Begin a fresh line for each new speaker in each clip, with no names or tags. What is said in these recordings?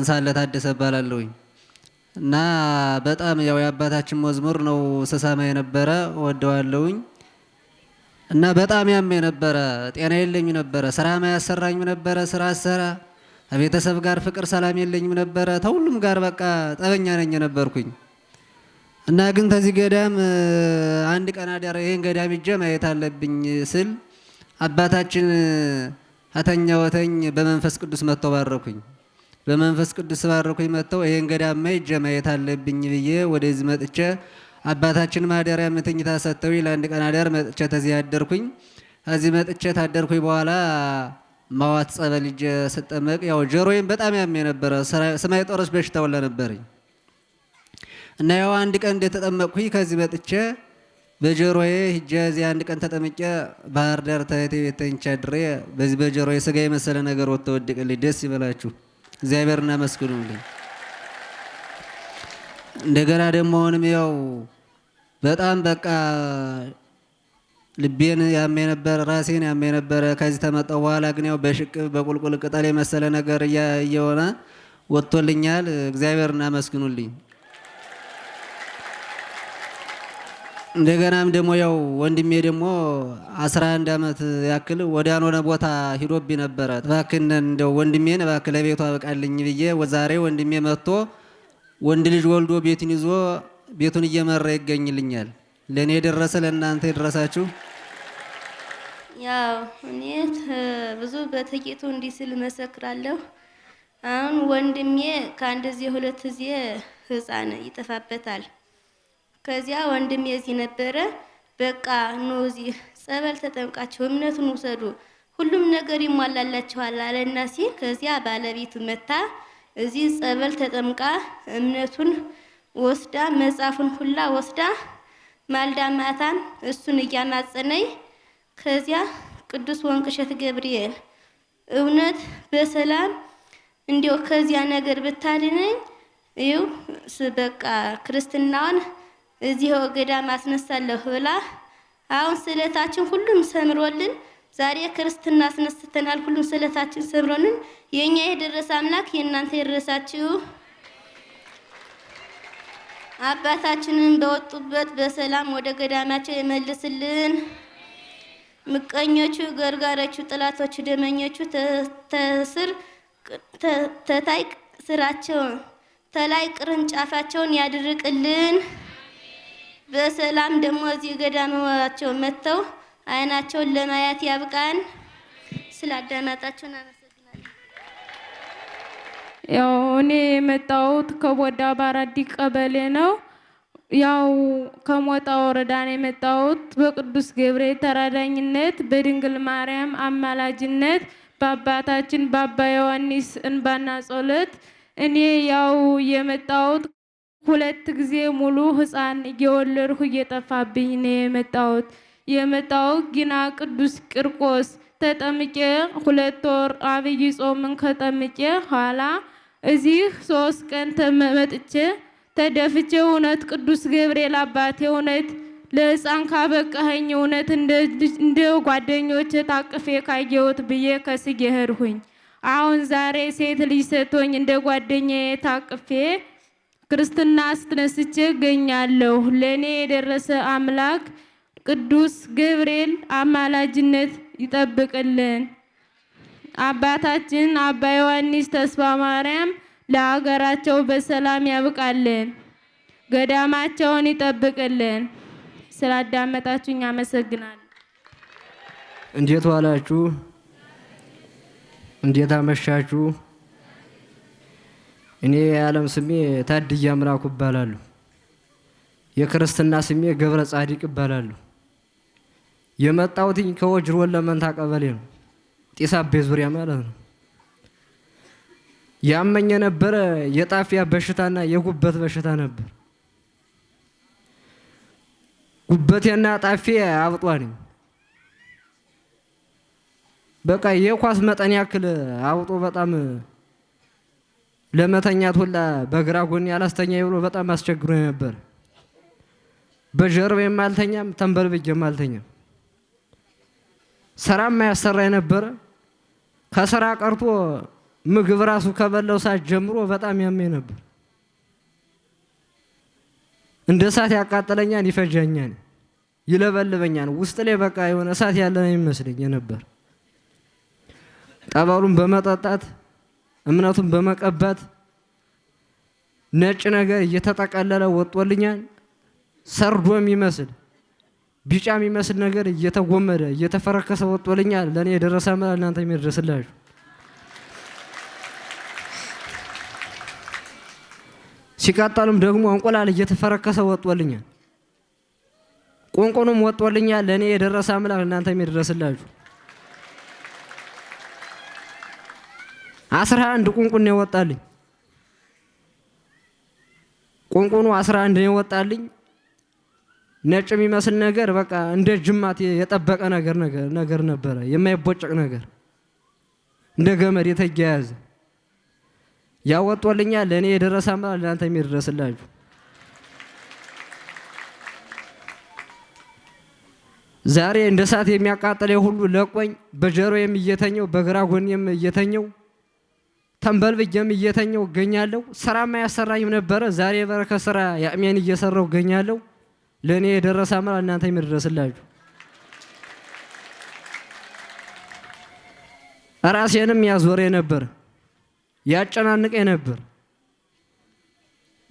ጎንሳለ ታደሰ እባላለሁኝ እና በጣም ያው የአባታችን መዝሙር ነው ስሰማ የነበረ ወደዋለሁኝ እና በጣም ያም የነበረ ጤና የለኝም ነበረ፣ ስራ ማያሰራኝም ነበረ፣ ስራ አሰራ ከቤተሰብ ጋር ፍቅር ሰላም የለኝም ነበረ። ተሁሉም ጋር በቃ ጠበኛ ነኝ ነበርኩኝ። እና ግን ተዚህ ገዳም አንድ ቀን አዳር ይሄን ገዳም ሂጄ ማየት አለብኝ ስል አባታችን አተኛ ወተኝ በመንፈስ ቅዱስ መጥተው ባረኩኝ። በመንፈስ ቅዱስ ባረኩኝ። መጥተው ይሄን ገዳማ ሂጄ ማየት አለብኝ ብዬ ወደዚህ መጥቼ አባታችን ማደሪያ ምትኝታ ሰጠው ለአንድ ቀን አዳር መጥቼ ተዚህ ያደርኩኝ። ከዚህ መጥቼ ታደርኩኝ በኋላ ማዋት ጸበል ሂጄ ስጠመቅ ያው ጆሮዬን በጣም ያም የነበረ ሰማይ ጦረስ በሽታ ወለ ነበረኝ እና ያው አንድ ቀን እንደተጠመቅኩኝ ከዚህ መጥቼ በጆሮዬ ሂጄ እዚህ አንድ ቀን ተጠምቄ ባህር ዳር ታየቴ ቤት ተኝቼ በዚህ በጆሮዬ ስጋ የመሰለ ነገር ወጥቶ ወድቅልኝ። ደስ ይበላችሁ። እግዚአብሔር እናመስግኑልኝ። እንደገና ደግሞ አሁንም ያው በጣም በቃ ልቤን ያሜ ነበረ፣ ራሴን ያሜ ነበረ። ከዚህ ተመጣሁ በኋላ ግን ያው በሽቅ በቁልቁል ቅጠል የመሰለ ነገር እየሆነ ወጥቶልኛል። እግዚአብሔር እናመስግኑልኝ። እንደገናም ደግሞ ያው ወንድሜ ደግሞ አስራ አንድ አመት ያክል ወደ ያልሆነ ቦታ ሂዶብ ነበረ። እባክህን እንደው ወንድሜን እባክህ ለቤቱ አብቃልኝ ብዬ ዛሬ ወንድሜ መጥቶ ወንድ ልጅ ወልዶ ቤቱን ይዞ ቤቱን እየመራ ይገኝልኛል። ለእኔ የደረሰ ለእናንተ የደረሳችሁ።
ያው እኔ ብዙ በጥቂቱ እንዲህ ስል መሰክራለሁ። አሁን ወንድሜ ከአንድ ጊዜ ሁለት ጊዜ ህፃን ይጠፋበታል ከዚያ ወንድም የዚህ ነበረ። በቃ ኑ እዚህ ጸበል ተጠምቃችሁ እምነቱን ውሰዱ ሁሉም ነገር ይሟላላቸዋል አለና ሲል ከዚያ ባለቤቱ መታ እዚህ ጸበል ተጠምቃ እምነቱን ወስዳ መጽሐፉን ሁላ ወስዳ ማልዳ ማታን እሱን እያማጸነኝ ከዚያ ቅዱስ ወንቅሸት ገብርኤል እውነት በሰላም እንዲያው ከዚያ ነገር ብታድነኝ ይኸው በቃ ክርስትናዋን እዚህ ገዳም አስነሳለሁ ብላ አሁን ስዕለታችን ሁሉም ሰምሮልን ዛሬ ክርስትና አስነስተናል። ሁሉም ስዕለታችን ሰምሮልን የእኛ የደረሰ አምላክ የእናንተ የደረሳችሁ አባታችንን በወጡበት በሰላም ወደ ገዳማቸው የመልስልን። ምቀኞቹ፣ ገርጋሮቹ፣ ጥላቶቹ፣ ደመኞቹ ተስር ተታይ ስራቸውን ተላይ ቅርንጫፋቸውን ያድርቅልን። በሰላም ደግሞ እዚህ ገዳማቸው መጥተው አይናቸውን ለማየት ያብቃን። ስላዳመጣችሁን አመሰግናለሁ።
ያው እኔ የመጣሁት ከቦዳ ባራዲ ቀበሌ ነው። ያው ከሞጣ ወረዳ ነው የመጣሁት። በቅዱስ ገብርኤል ተራዳኝነት በድንግል ማርያም አማላጅነት በአባታችን በአባ ዮሐንስ እንባና ጸሎት እኔ ያው የመጣሁት ሁለት ጊዜ ሙሉ ህፃን እየወለድሁ እየጠፋብኝ ነው የመጣሁት። የመጣሁት ግና ቅዱስ ቂርቆስ ተጠምቄ ሁለት ወር አብይ ጾምን ከጠምቄ ኋላ እዚህ ሶስት ቀን ተመጥቼ ተደፍቼ እውነት ቅዱስ ገብርኤል አባቴ እውነት ለህፃን ካበቃኸኝ እውነት እንደ ጓደኞች ታቅፌ ካየሁት ብዬ ከስጌ ሄድሁኝ። አሁን ዛሬ ሴት ልጅ ሰጥቶኝ እንደ ጓደኛ ታቅፌ ክርስትና አስነስቼ እገኛለሁ። ለእኔ የደረሰ አምላክ ቅዱስ ገብርኤል አማላጅነት ይጠብቅልን። አባታችን አባ ዮሐንስ ተስፋ ማርያም ለሀገራቸው በሰላም ያብቃልን፣ ገዳማቸውን ይጠብቅልን። ስላዳመጣችሁኝ አመሰግናለሁ።
እንዴት ዋላችሁ? እንዴት አመሻችሁ? እኔ የዓለም ስሜ ታድያ አምላኩ እባላለሁ። የክርስትና ስሜ ገብረ ጻዲቅ እባላለሁ። የመጣሁትኝ ከወጅር ወለመንታ ቀበሌ ነው፣ ጢስ አቤ ዙሪያ ማለት ነው። ያመኝ የነበረ የጣፊያ በሽታና የጉበት በሽታ ነበር። ጉበቴና ጣፊያ አብጧል። በቃ የኳስ መጠን ያክል አብጦ በጣም ለመተኛት ሁላ በግራ ጎን ያላስተኛ ብሎ በጣም አስቸግሮ ነበር። በጀርባ የማልተኛም ተንበልብጅ የማልተኛም ስራ ማያሰራ የነበረ ከስራ ቀርቶ ምግብ ራሱ ከበላው ሰዓት ጀምሮ በጣም ያመኝ ነበር። እንደ እሳት ያቃጠለኛል፣ ይፈጃኛል፣ ይለበልበኛል። ውስጥ ላይ በቃ የሆነ እሳት ያለ ይመስለኝ ነበር። ጠበሉን በመጠጣት እምነቱን በመቀባት ነጭ ነገር እየተጠቀለለ ወጦልኛል። ሰርዶ የሚመስል ቢጫ የሚመስል ነገር እየተጎመደ እየተፈረከሰ ወጥቶልኛል። ለእኔ የደረሰ መላ እናንተ የሚደርስላችሁ። ሲቀጠሉም ደግሞ እንቁላል እየተፈረከሰ ወጦልኛል። ቁንቁኑም ወጥቶልኛል። ለእኔ የደረሰ አምላክ እናንተ የሚደረስላችሁ። አስራ አንድ ቁንቁን ነው ቁንቁኑ አስራ አንድ ነው ነጭ የሚመስል ነገር በቃ እንደ ጅማት የጠበቀ ነገር ነገር ነበረ፣ የማይቦጨቅ ነገር እንደ ገመድ የተያያዘ ያወጦልኛ ለእኔ የደረሰ ማ ለእናንተ የሚደረስላችሁ። ዛሬ እንደ እሳት የሚያቃጥለው ሁሉ ለቆኝ፣ በጀሮዬም እየተኘው በግራ ጎኔም እየተኘው ተንበልብዬም እየተኘው እገኛለሁ። ስራም አያሰራኝም ነበረ። ዛሬ የበረከ ስራ የአሜን እየሰራው እገኛለሁ። ለእኔ የደረሰ አምራ እናንተ የሚደረስላችሁ ራሴንም ያዞሬ ነበር፣ ያጨናንቀ ነበር።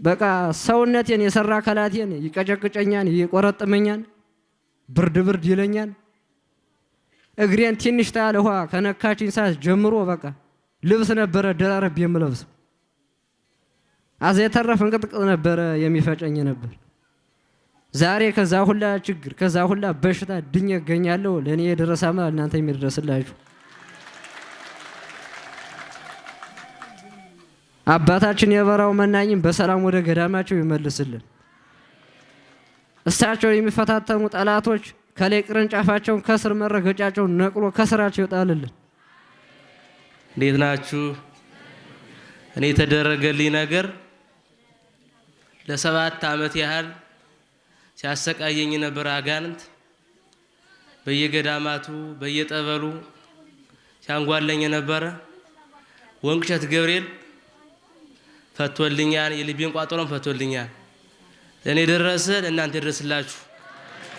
በቃ ሰውነቴን የሰራ ከላቴን ይቀጨቅጨኛን፣ ይቆረጥመኛል፣ ብርድ ብርድ ይለኛል። እግሬን ትንሽ ታለ ውሃ ከነካችኝ ሰዓት ጀምሮ በቃ ልብስ ነበረ ደራረብ የምለብሰው አዘ የተረፈ እንቅጥቅጥ ነበረ የሚፈጨኝ ነበር። ዛሬ ከዛ ሁላ ችግር ከዛ ሁላ በሽታ ድኝ እገኛለሁ። ለእኔ የደረሳማ እናንተ የሚደረስላችሁ አባታችን የበራው መናኝም በሰላም ወደ ገዳማቸው ይመልስልን። እሳቸውን የሚፈታተኑ ጠላቶች ከላይ ቅርንጫፋቸውን ከስር መረገጫቸውን ነቅሎ ከስራቸው ይወጣልልን።
እንዴት ናችሁ? እኔ የተደረገልኝ ነገር ለሰባት ዓመት ያህል ሲያሰቃየኝ ነበር። አጋንንት በየገዳማቱ በየጠበሉ ሲያንጓለኝ ነበረ። ወንቅሸት ገብርኤል ፈቶልኛል። የልቤን ቋጠሮም ፈቶልኛል። ለእኔ ደረሰ፣ ለእናንተ ይድረስላችሁ።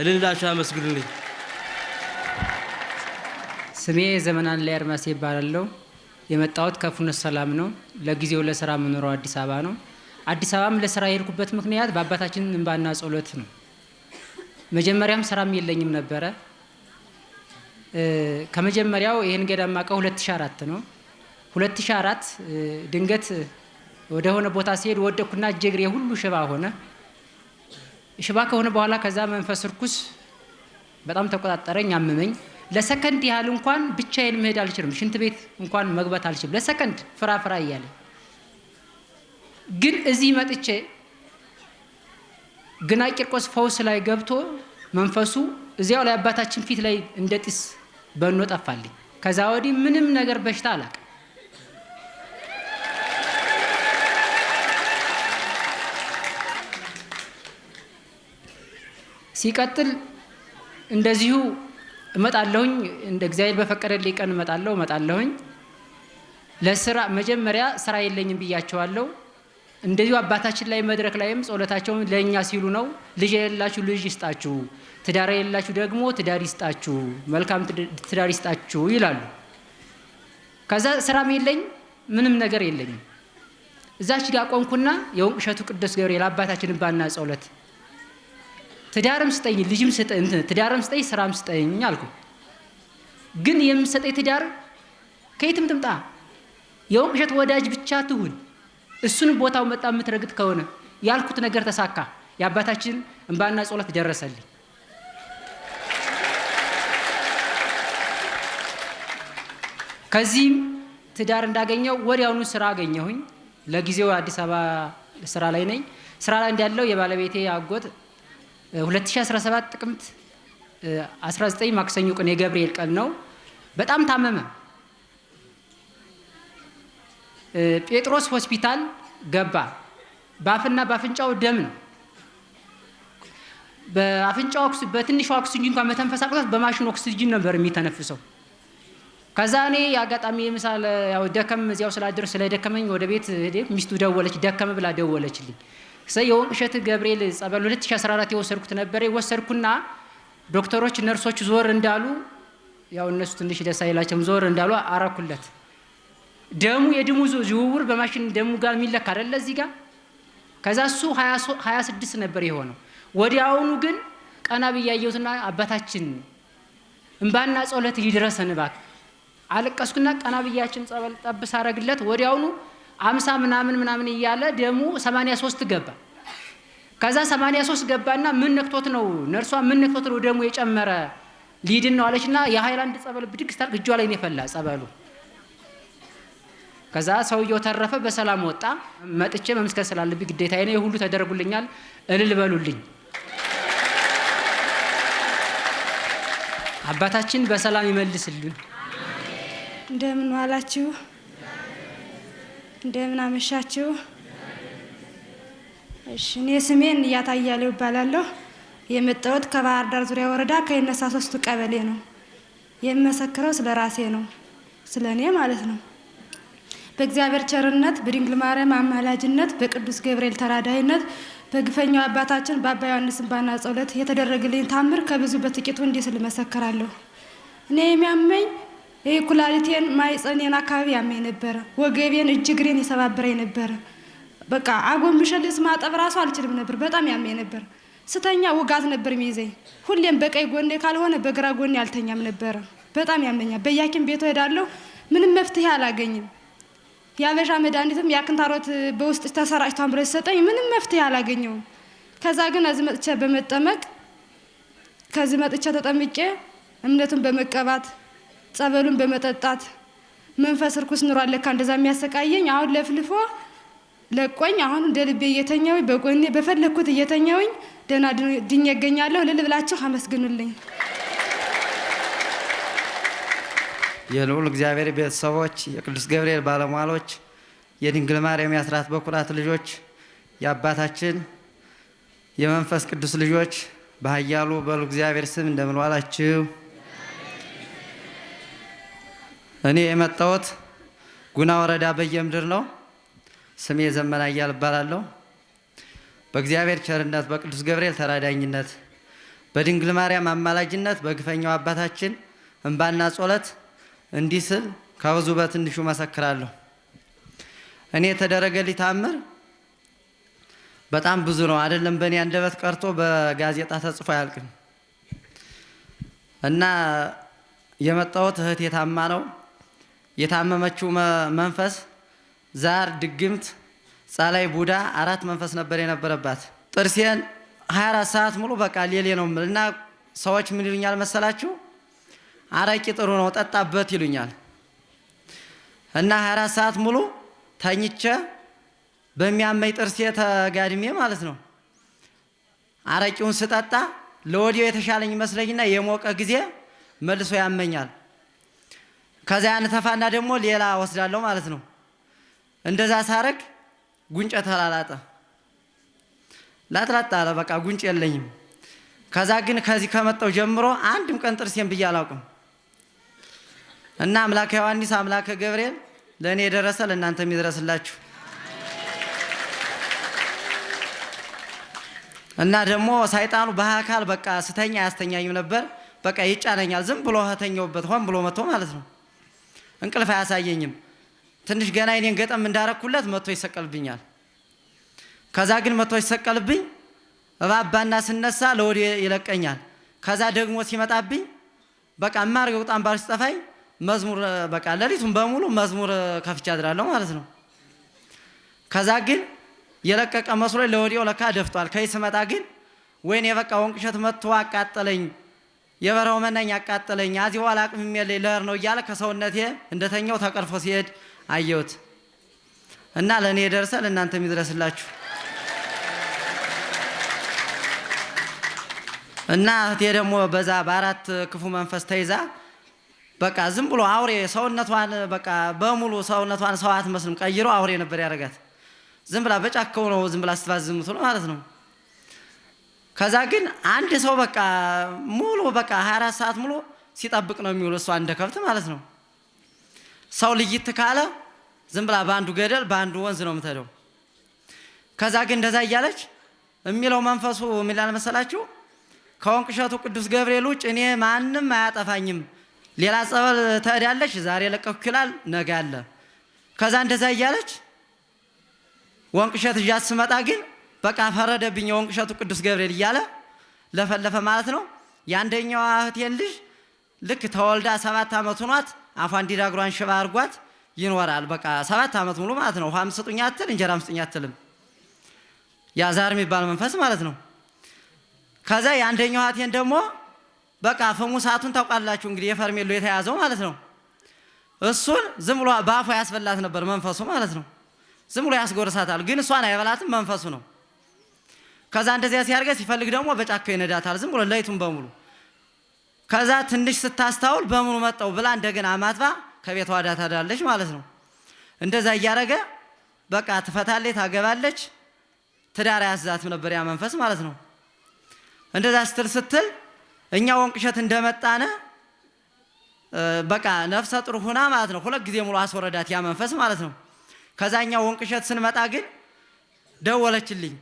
እልልላችሁ አመስግኑልኝ።
ስሜ ዘመናን ላይ አድማሴ ይባላለሁ። የመጣሁት ከፉነት ሰላም ነው። ለጊዜው ለስራ የምኖረው አዲስ አበባ ነው። አዲስ አበባም ለስራ የሄድኩበት ምክንያት በአባታችን እንባና ጸሎት ነው። መጀመሪያም ስራም የለኝም ነበረ። ከመጀመሪያው ይህን ገዳም ማቀው 2004 ነው። 2004 ድንገት ወደሆነ ቦታ ሲሄድ ወደኩና እጄ እግሬ ሁሉ ሽባ ሆነ። ሽባ ከሆነ በኋላ ከዛ መንፈስ እርኩስ በጣም ተቆጣጠረኝ፣ አመመኝ። ለሰከንድ ያህል እንኳን ብቻዬን መሄድ አልችልም። ሽንት ቤት እንኳን መግባት አልችልም። ለሰከንድ ፍራፍራ እያለ ግን እዚህ መጥቼ ግና ቂርቆስ ፈውስ ላይ ገብቶ መንፈሱ እዚያው ላይ አባታችን ፊት ላይ እንደ ጢስ በኖ ጠፋልኝ። ከዛ ወዲህ ምንም ነገር በሽታ አላቅም። ሲቀጥል እንደዚሁ እመጣለሁኝ እንደ እግዚአብሔር በፈቀደልኝ ቀን እመጣለሁ እመጣለሁኝ። ለስራ መጀመሪያ ስራ የለኝም ብያቸዋለሁ። እንደዚሁ አባታችን ላይ መድረክ ላይም ጸሎታቸውን ለእኛ ሲሉ ነው። ልጅ የሌላችሁ ልጅ ይስጣችሁ፣ ትዳር የሌላችሁ ደግሞ ትዳር ይስጣችሁ፣ መልካም ትዳር ይስጣችሁ ይላሉ። ከዛ ስራም የለኝ ምንም ነገር የለኝም። እዛች ጋር ቆምኩና የወንቅ እሸቱ ቅዱስ ገብርኤል አባታችን ባና ጸሎት ትዳርም ስጠኝ ልጅም ስጠኝ ትዳርም ስጠኝ ስራም ስጠኝ አልኩ። ግን የምሰጠኝ ትዳር ከየትም ትምጣ የወንቅ ወዳጅ ብቻ ትሁን። እሱን ቦታው መጣ የምትረግጥ ከሆነ ያልኩት ነገር ተሳካ። የአባታችን እንባና ጸሎት ደረሰልኝ። ከዚህም ትዳር እንዳገኘው ወዲያውኑ ስራ አገኘሁኝ። ለጊዜው አዲስ አበባ ስራ ላይ ነኝ። ስራ ላይ እንዳለው የባለቤቴ አጎት 2017 ጥቅምት 19 ማክሰኞ ቀን የገብርኤል ቀን ነው። በጣም ታመመ። ጴጥሮስ ሆስፒታል ገባ። በአፍና በአፍንጫው ደም ነው። በአፍንጫው በትንሿ ኦክስጅን እንኳን መተንፈስ አቅቶት በማሽን ኦክስጅን ነበር የሚተነፍሰው። ከዛ እኔ አጋጣሚ ምሳል ያው ደከም እዚያው ስላደር ስለደከመኝ ወደ ቤት ሄደ። ሚስቱ ደወለች፣ ደከመ ብላ ደወለችልኝ። ከዛ የወንቅ እሸት ገብርኤል ጸበል 2014 የወሰድኩት ነበር። የወሰድኩና ዶክተሮች፣ ነርሶች ዞር እንዳሉ ያው እነሱ ትንሽ ደስ አይላቸውም። ዞር እንዳሉ አረኩለት። ደሙ የደሙ ዝውውር በማሽን ደሙ ጋር የሚለካ አይደለ እዚህ ጋር። ከዛ እሱ 26 ነበር የሆነው። ወዲያውኑ ግን ቀና ብያየሁትና አባታችን እምባና ጸሎት ይድረሰን እባክህ አለቀስኩና ቀና ብያችን ጸበል ጠብስ አረግለት ወዲያውኑ አምሳ ምናምን ምናምን እያለ ደሙ ሰማንያ ሶስት ገባ። ከዛ ሰማንያ ሶስት ገባና ምን ነክቶት ነው ነርሷ ምን ነክቶት ነው ደሙ የጨመረ ሊድን ነው አለችና የሃይላንድ ጸበል ብድግ ስታርቅ እጇ ላይ ነው የፈላ ጸበሉ። ከዛ ሰውየው ተረፈ፣ በሰላም ወጣ። መጥቼ መመስከር ስላለብኝ ግዴታ ነው። የሁሉ ተደረጉልኛል፣ እልል በሉልኝ። አባታችን በሰላም ይመልስልን።
እንደምን ዋላችሁ? እንደምን አመሻችሁ። እሺ፣ እኔ ስሜን እያታያለው ይባላለሁ። የመጣሁት ከባህር ዳር ዙሪያ ወረዳ ከይነሳ ሶስቱ ቀበሌ ነው። የምመሰክረው ስለ ራሴ ነው፣ ስለ እኔ ማለት ነው። በእግዚአብሔር ቸርነት በድንግል ማርያም አማላጅነት በቅዱስ ገብርኤል ተራዳይነት በግፈኛው አባታችን በአባ ዮሐንስ ባና ጸሎት የተደረገልኝ ታምር ከብዙ በጥቂቱ እንዲህ ስል እመሰክራለሁ። እኔ የሚያመኝ ይህ ኩላሊቴን ማይፀኔን አካባቢ ያመኝ ነበረ። ወገቤን እጅ እግሬን የሰባብረኝ ነበረ። በቃ አጎንብሼ ማጠብ ራሱ አልችልም ነበር። በጣም ያመኝ ነበር። ስተኛ ውጋት ነበር የሚይዘኝ። ሁሌም በቀኝ ጎኔ ካልሆነ በግራ ጎኔ አልተኛም ነበረ። በጣም ያመኛል። በየሐኪም ቤቱ ሄዳለሁ፣ ምንም መፍትሄ አላገኝም። የአበሻ መድኃኒትም የአክንታሮት በውስጥ ተሰራጭቷን ብሎ ሲሰጠኝ ምንም መፍትሄ አላገኘውም። ከዛ ግን እዚህ መጥቼ በመጠመቅ ከዚህ መጥቼ ተጠምቄ እምነቱን በመቀባት ጸበሉን በመጠጣት መንፈስ እርኩስ ኑሮ አለካ እንደዛ የሚያሰቃየኝ አሁን ለፍልፎ ለቆኝ አሁን እንደ ልቤ እየተኛውኝ በጎኔ በፈለግኩት እየተኛውኝ ደህና ድኝ ያገኛለሁ። ልል ብላችሁ አመስግኑልኝ።
የልዑል እግዚአብሔር ቤተሰቦች፣ የቅዱስ ገብርኤል ባለሟሎች፣ የድንግል ማርያም የአስራት በኩራት ልጆች፣ የአባታችን የመንፈስ ቅዱስ ልጆች በኃያሉ በሉ እግዚአብሔር ስም እንደምን እኔ የመጣሁት ጉና ወረዳ በየምድር ነው። ስሜ ዘመና እያል እባላለሁ። በእግዚአብሔር ቸርነት በቅዱስ ገብርኤል ተራዳኝነት በድንግል ማርያም አማላጅነት በግፈኛው አባታችን እንባና ጸሎት እንዲህ ስል ከብዙ በትንሹ መሰክራለሁ። እኔ የተደረገልኝ ሊታምር በጣም ብዙ ነው። አይደለም በእኔ አንደበት ቀርቶ በጋዜጣ ተጽፎ አያልቅም እና የመጣሁት እህቴ ታማ ነው የታመመችው መንፈስ ዛር፣ ድግምት፣ ጸላይ፣ ቡዳ አራት መንፈስ ነበር የነበረባት። ጥርሴን 24 ሰዓት ሙሉ በቃ ሌሌ ነው እና ሰዎች ምን ይሉኛል መሰላችሁ? አረቂ ጥሩ ነው ጠጣበት ይሉኛል እና 24 ሰዓት ሙሉ ተኝቼ በሚያመኝ ጥርሴ ተጋድሜ ማለት ነው አረቂውን ስጠጣ ለወዲያው የተሻለኝ ይመስለኝና የሞቀ ጊዜ መልሶ ያመኛል። ከዚያ አንተፋና ደግሞ ሌላ ወስዳለሁ ማለት ነው። እንደዛ ሳረግ ጉንጭ ተላላጠ ላጥላጥ አለ። በቃ ጉንጭ የለኝም። ከዛ ግን ከዚህ ከመጣው ጀምሮ አንድም ቀን ጥርሴን ብዬ አላውቅም። እና አምላከ ዮሐንስ አምላከ ገብርኤል ለእኔ የደረሰ ለእናንተ የሚደረስላችሁ እና ደግሞ ሳይጣኑ በአካል በቃ ስተኛ አያስተኛኝም ነበር። በቃ ይጫነኛል። ዝም ብሎ ተኛውበት ሆን ብሎ መጥቶ ማለት ነው። እንቅልፍ አያሳየኝም። ትንሽ ገና እኔን ገጠም እንዳረኩለት መጥቶ ይሰቀልብኛል። ከዛ ግን መጥቶ ይሰቀልብኝ እባባና ስነሳ ለወዲ ይለቀኛል። ከዛ ደግሞ ሲመጣብኝ በቃ ማርገው ባርስ ሲጠፋኝ መዝሙር በቃ ሌሊቱን በሙሉ መዝሙር ከፍቻ አድራለሁ ማለት ነው። ከዛ ግን የለቀቀ መስሎኝ ለወዲው ለካ ደፍቷል። ከይ ስመጣ ግን ወይኔ በቃ ወንቅ እሸት መጥቶ አቃጠለኝ የበረው መነኝ አቃጠለኝ፣ አዚ በኋላ አቅም ልሄድ ነው እያለ ከሰውነቴ እንደተኛው ተቀርፎ ሲሄድ አየሁት እና ለእኔ የደርሰ ለእናንተ የሚድረስላችሁ እና እህቴ ደግሞ በዛ በአራት ክፉ መንፈስ ተይዛ በቃ ዝም ብሎ አውሬ ሰውነቷን በቃ በሙሉ ሰውነቷን ሰው አትመስልም ቀይሮ አውሬ ነበር ያደርጋት ዝም ብላ በጫካው ነው ዝም ብላ ስትባዝምቱ ነው ማለት ነው። ከዛ ግን አንድ ሰው በቃ ሙሉ በቃ 24 ሰዓት ሙሉ ሲጠብቅ ነው የሚውል እሷ እንደ ከብት ማለት ነው። ሰው ልይት ካለ ዝም ብላ በአንዱ ገደል በአንዱ ወንዝ ነው የምትሄደው። ከዛ ግን እንደዛ እያለች የሚለው መንፈሱ ምን መሰላችሁ? ከወንቅ እሸቱ ቅዱስ ገብርኤል ውጭ እኔ ማንም አያጠፋኝም። ሌላ ጸበል ትሄዳለች። ዛሬ ለቀኩ ይላል፣ ነገ አለ። ከዛ እንደዛ እያለች ወንቅ እሸት እዣት ስመጣ ግን በቃ ፈረደብኝ የወንቅ እሸቱ ቅዱስ ገብርኤል እያለ ለፈለፈ ማለት ነው። የአንደኛዋ እህቴን ልጅ ልክ ተወልዳ ሰባት ዓመት ሆኗት አፏን ዲዳ እግሯን ሽባ አድርጓት ይኖራል። በቃ ሰባት ዓመት ሙሉ ማለት ነው። ውሃም ስጡኝ አትል እንጀራም ስጡኝ አትልም። ያዛር የሚባል መንፈስ ማለት ነው። ከዛ የአንደኛው እህቴን ደግሞ በቃ ፍሙሳቱን ታውቃላችሁ እንግዲህ የፈርሜሎ የተያዘው ማለት ነው። እሱን ዝም ብሎ በአፏ ያስበላት ነበር መንፈሱ ማለት ነው። ዝም ብሎ ያስጎርሳታል፣ ግን እሷን አይበላትም መንፈሱ ነው። ከዛ እንደዚያ ሲያርገ ሲፈልግ ደግሞ በጫካ ይነዳታል። ዝም ብሎ ለይቱን በሙሉ ከዛ ትንሽ ስታስታውል በሙሉ መጣው ብላ እንደገና አማትባ ከቤቷ ዋዳ ታዳለች ማለት ነው። እንደዛ እያረገ በቃ ትፈታለች፣ ታገባለች። ትዳር ያስዛትም ነበር ያ መንፈስ ማለት ነው። እንደዛ ስትል ስትል እኛ ወንቅሸት እንደመጣነ በቃ ነፍሰ ጥሩ ሁና ማለት ነው። ሁለት ጊዜ ሙሉ አስወረዳት ያ መንፈስ ማለት ነው። ከዛኛው ወንቅሸት ስንመጣ ግን ደወለችልኝ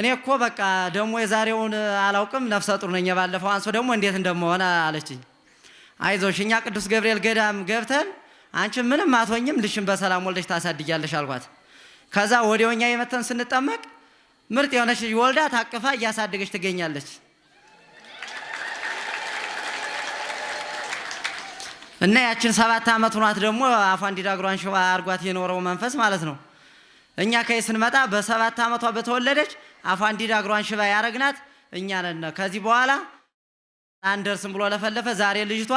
እኔ እኮ በቃ ደግሞ የዛሬውን አላውቅም፣ ነፍሰ ጡር ነኝ። የባለፈው አንሶ ደግሞ እንዴት እንደመሆነ አለችኝ። አይዞሽ እኛ ቅዱስ ገብርኤል ገዳም ገብተን አንቺ ምንም አትሆኝም፣ ልሽን በሰላም ወልደሽ ታሳድጊያለሽ አልኳት። ከዛ እኛ የመተን ስንጠመቅ ምርጥ የሆነች ልጅ ወልዳ ታቅፋ እያሳደገች ትገኛለች። እና ያችን ሰባት ዓመት ሁኗት ደግሞ አፏ እንዲዳግሯን ሽባ አርጓት የኖረው መንፈስ ማለት ነው እኛ ከይ ስንመጣ በሰባት ዓመቷ በተወለደች አፏንዲዳ እግሯን ሽባ ያረግናት እኛ ነን። ከዚህ በኋላ አንደርስም ብሎ ለፈለፈ። ዛሬ ልጅቷ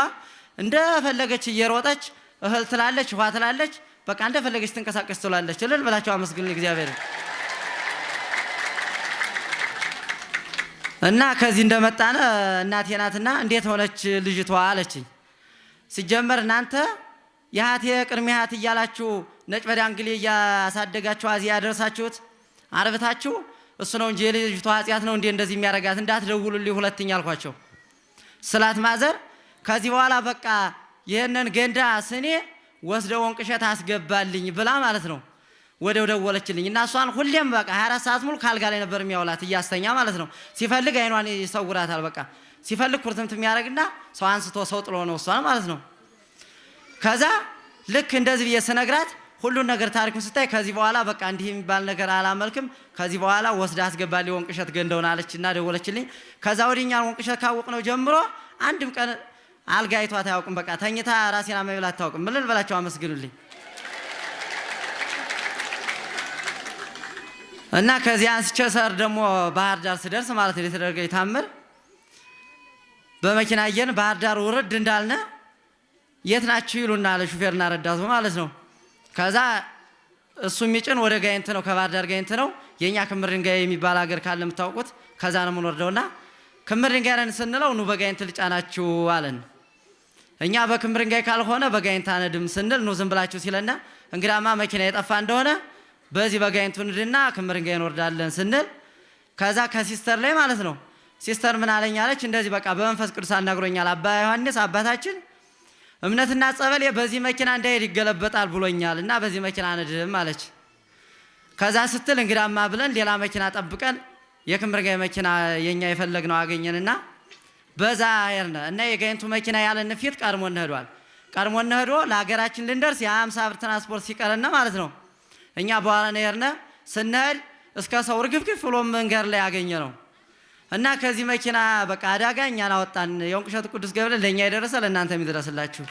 እንደፈለገች እየሮጠች እህል ትላለች፣ ውሃ ትላለች፣ በቃ እንደፈለገች ትንቀሳቀስ ትላለች። እልል ብላቸው አመስግን እግዚአብሔር። እና ከዚህ እንደመጣነ እናቴ ናትና እንዴት ሆነች ልጅቷ አለችኝ። ሲጀመር እናንተ የሀቴ ቅድሜ ሀት እያላችሁ ነጭ በዳንግሌ እያሳደጋችሁ እዚህ ያደረሳችሁት አርብታችሁ እሱ ነው እንጂ የልጅቷ ኃጢአት ነው እንዴ እንደዚህ የሚያደርጋት? እንዳትደውሉልኝ ሁለተኛ አልኳቸው ስላት ማዘር ከዚህ በኋላ በቃ ይህንን ገንዳ ስኔ ወስደ ወንቅሸት አስገባልኝ ብላ ማለት ነው ወደው ደወለችልኝ እና እሷን ሁሌም በቃ 24 ሰዓት ሙሉ ካልጋ ላይ ነበር የሚያውላት እያስተኛ ማለት ነው። ሲፈልግ አይኗን ይሰውራታል። በቃ ሲፈልግ ኩርትምት የሚያደርግና ሰው አንስቶ ሰው ጥሎ ነው እሷን ማለት ነው። ከዛ ልክ እንደዚህ ብዬ ስነግራት ሁሉን ነገር ታሪኩን ስታይ ከዚህ በኋላ በቃ እንዲህ የሚባል ነገር አላመልክም፣ ከዚህ በኋላ ወስዳ አስገባልኝ ወንቅሸት ገንደውን እና ደወለችልኝ። ከዛ ወዲህ እኛን ወንቅሸት ካወቅ ነው ጀምሮ አንድም ቀን አልጋ አይቷት አያውቅም። በቃ ተኝታ ራሴን አመብላ አታውቅም። ምልል በላቸው አመስግኑልኝ። እና ከዚህ አንስቼ ሰር ደግሞ ባህር ዳር ስደርስ ማለት ነው የተደረገ ታምር በመኪና እየን ባህር ዳር ውርድ እንዳልነ የት ናችሁ ይሉናል ሹፌርና ረዳቱ ማለት ነው ከዛ እሱ የሚጭን ወደ ጋይንት ነው፣ ከባህር ዳር ጋይንት ነው። የእኛ ክምር ድንጋይ የሚባል ሀገር ካለ የምታውቁት ከዛ ነው ና ክምር ድንጋይ ነን ስንለው ኑ በጋይንት ልጫናችሁ አለን። እኛ በክምር ድንጋይ ካልሆነ በጋይንት አነድም ስንል ኑ ዝም ብላችሁ ሲለና እንግዳማ መኪና የጠፋ እንደሆነ በዚህ በጋይንቱ ንድና ክምር ድንጋይ እንወርዳለን ስንል ከዛ ከሲስተር ላይ ማለት ነው ሲስተር ምን አለኝ አለች እንደዚህ በቃ በመንፈስ ቅዱስ አናግሮኛል አባ ዮሐንስ አባታችን እምነትና ጸበል በዚህ መኪና እንዳይሄድ ይገለበጣል ብሎኛል እና በዚህ መኪና አንድም አለች። ከዛ ስትል እንግዳማ ብለን ሌላ መኪና ጠብቀን የክምርጋ መኪና የኛ የፈለግነው አገኘንና በዛ ሄድን እና የጋይንቱ መኪና ያለን ፊት ቀድሞ ሄዷል። ቀድሞ ሄዶ ለሀገራችን ልንደርስ የሀምሳ ብር ትራንስፖርት ሲቀረን ማለት ነው። እኛ በኋላ ነው ሄድን። ስንሄድ እስከ ሰው እርግፍግፍ ብሎ መንገድ ላይ ያገኘ ነው እና ከዚህ መኪና በቃ አደጋ እኛን አወጣን። የወንቅ እሸት ቅዱስ ገብርኤል ለእኛ የደረሰ ለእናንተ የሚደረስላችሁ